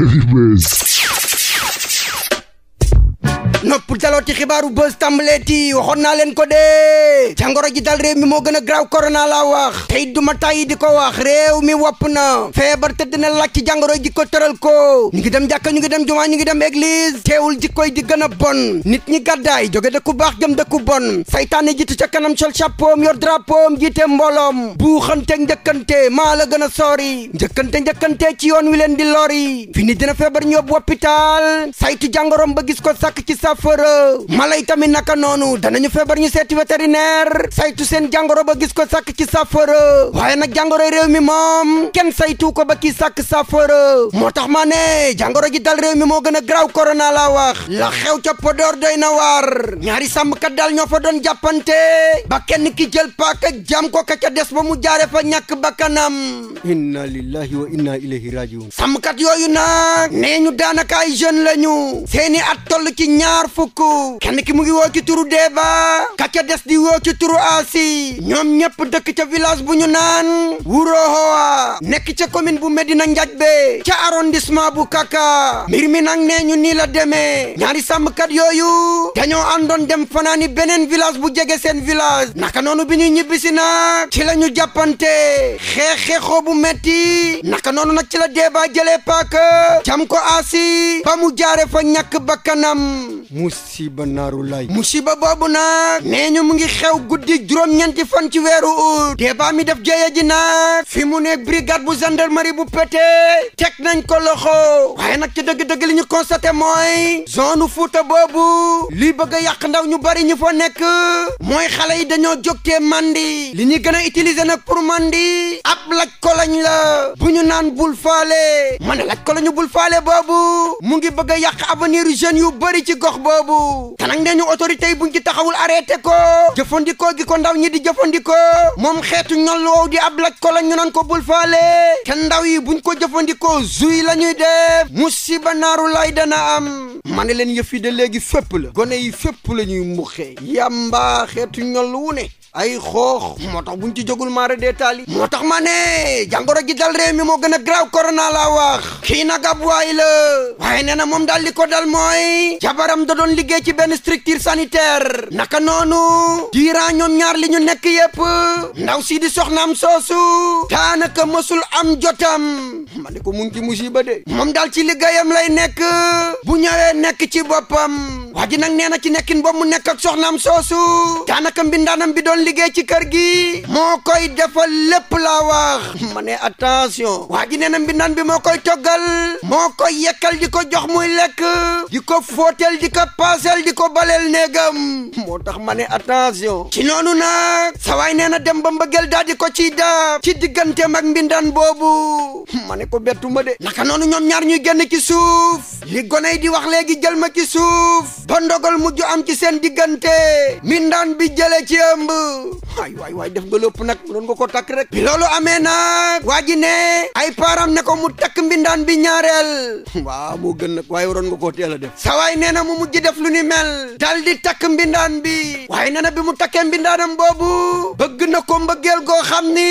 Heavyweights. nopp jalooti xibaaru bës tàmbaleeti waxoon naa leen ko dee jàngoro ji dal réew mi moo gën a graaw korona laa wax tey duma tàyyi di ko wax réew mi wopp na feebar tëdd na laaj ci jàngoro ji ko tëral ko ñu ngi dem jàkka ñu ngi dem jumaa ñu ngi dem église teewul jikkoy di gën a bon nit ñi gàddaay jóge dëkku baax jëm dëkku bon saytaane jiitu ca kanam sol chapeau am yor drapeau am jiite mbooloom buuxante njëkkante maa la gën a sori njëkkante njëkkante ci yoon wi leen di lori fi ni dina feebar ñu yóbbu hôpital saytu jàngoroom ba gis ko sàkk ci sa saafara mala yi tamit naka noonu danañu feebar ñu seeti vétérinaire saytu seen jàngoro ba gis ko sàkk ci saafara waaye na jàngoro réew mi moom kenn saytu ko ba ki sàkk saafara moo tax ma ne jàngoro ji dal réew mi moo gën a graw corona laa wax la xew ca Podor doy na waar ñaari sàmmkat daal ñoo fa doon jàppante ba kenn ki jël paaka jam ko ka des ba mu jaare fa ñàkk bakkanam inna lillahi wa inna ilayhi rajiun sàmmkat yooyu nag nee ñu daanaka ay jeune lañu ñaar fukk kenn ki mu ngi woo ci turu Deba ka ca des di woo ci turu Asi ñoom ñëpp dëkk ca village bu ñu naan Wurohowa nekk ca commune bu Medina Njajbe ca arrondissement bu Kaka mbir mi nag nee ñu nii la demee ñaari sàmmkat yooyu dañoo àndoon dem fanaani beneen village bu jege seen village naka noonu bi ñuy ñibbisi nag ci la ñu jàppante xeex xeexoo bu metti naka noonu nag ci la Deba jëlee paaka jam ko Asi ba mu jaare fa ñàkk bakkanam musiba naaru lay musiba boobu nag nee ñu mu ngi xew guddi juróom-ñeenti fan ci weeru ut débat mi def jëye ji nag fi mu nekk brigade bu gendarmerie bu pété teg nañ ko loxo waaye nag ci dëgg-dëgg li ñu constaté mooy zone Fuuta boobu li bëgg a yàq ndaw ñu bari ñu fa nekk mooy xale yi dañoo jógtee mandi li ñuy gën a utiliser nag pour mandi ab laj ko lañ la bu ñu naan bul faale ma ne laj ko lañu bul faale boobu mu ngi bëgg a yàq avenir jeunes yu bari ci gox boobu tanag nee ñu autorité yi buñ ci taxawul arrêté ko jëfandikoo gi ko ndaw ñi di jëfandikoo moom xeetu ñol woow di ab laj ko la ñu naan ko bul faale te ndaw yi buñ ko jëfandikoo zuy la ñuy def musiba naaru lay dana am ma ne leen yëf yi de léegi fépp la gone yi fépp la ñuy mbuxee yàmbaa xeetu ñol wu ne ay xoox moo tax buñ ci jógul maara deetaali moo tax ma ne jàngoro ji dal réew mi moo gën a graaw corona laa wax kii nag ab waay la waaye nee na moom daal li ko dal mooy da doon liggéey ci benn structure sanitaire naka noonu diiraa ñoom ñaar liñu ñu nekk yépp ndaw si di soxnaam soosu daanaka mësul am jotam ma ne ko mu ngi ci musiba de moom daal ci liggéeyam lay nekk bu ñoree nekk ci boppam wax ji nag nee na ci nekkin ba mu nekk ak soxnaam soosu daanaka mbindaanam bi doon liggéey ci kër gi moo koy defal lépp laa wax ma ne attention waa ji nee na mbindaan bi moo koy toggal moo koy yekkal di ko jox muy lekk di ko fóoteel di ko paaseel di ko baleel néegam moo tax ma ne attention ci noonu nag sawaay nee na dem ba mbëggeel daal di ko ciy daab ci digganteem ak mbindaan boobu ma ne ko bettu ma de naka noonu ñoom ñaar ñuy may di wax léegi jël ma ci suuf ba ndogal mujj am ci seen diggante mindaan bi jële ci ëmb waay waay waay def ba lépp nag doon nga ko takk rek bi loolu amee nag waa ji ne ay paaram ne ko mu takk mbindaan bi ñaareel waa moo gën nag waaye waroon nga koo teel def sa waaye nee na mu mujj def lu ni mel dal di takk mbindaan bi waaye nee na bi mu takkee mbindaanam boobu bëgg na ko mbëggeel goo xam ni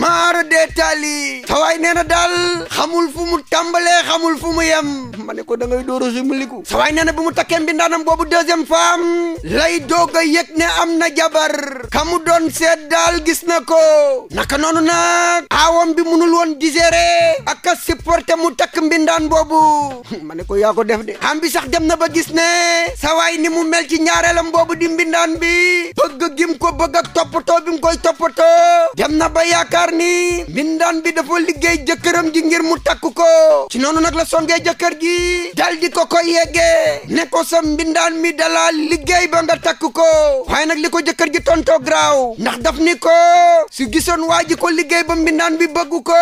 maar de tali na daal xamul fu mu tàmbalee xamul fu mu yem ma ne ko da ngay dóoru similiku sa waay nee na bi mu takkee bi ndaanam boobu deuxième lay doog a yëg ne am na jabar ka mu doon seet daal gis na ko naka noonu nag aawam bi munul woon digérer ak a mu takk mbindaan boobu ma ne ko yaa def de am bi sax dem na ba gis ne sa ni mu mel ci ñaareelam boobu di mbindaan bi bëgg gim ko bëgg ak bi mu koy toppatoo na ba yaakaar ni mbindaan bi dafa liggéey jëkkëram ji ngir mu takk ko ci noonu nag la songee jëkkër gi dal di ko koy yeggee ne ko sa mbindaan mi dalaa liggéey ba nga ko waaye nag li ko jëkkër gi tontoo graaw ndax daf ni ko su gisoon waa ji ko liggéey ba mbindaan bi bëgg ko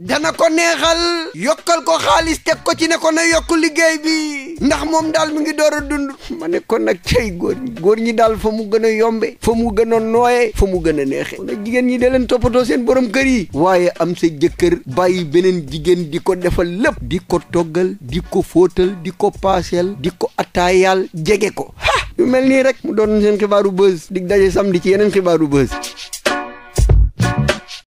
dana ko neexal yokkal ko xaalis teg ko ci ne ko na yokku liggéey bi ndax moom daal mu ngi door a dund ma ne kon nag cey góor ñi daal fa mu gën a yombe fa mu gën a nooye fa mu gën a neexe nag jigéen ñi toppatoo seen borom kër yi waaye am sa jëkkër bàyyi beneen jigéen di ko defal lépp di ko toggal di ko fóotal di ko paaseel di ko attaayaal jege ko yu mel nii rek mu doon seen xibaaru buzz dig daje samedi ci yeneen xibaaru buzz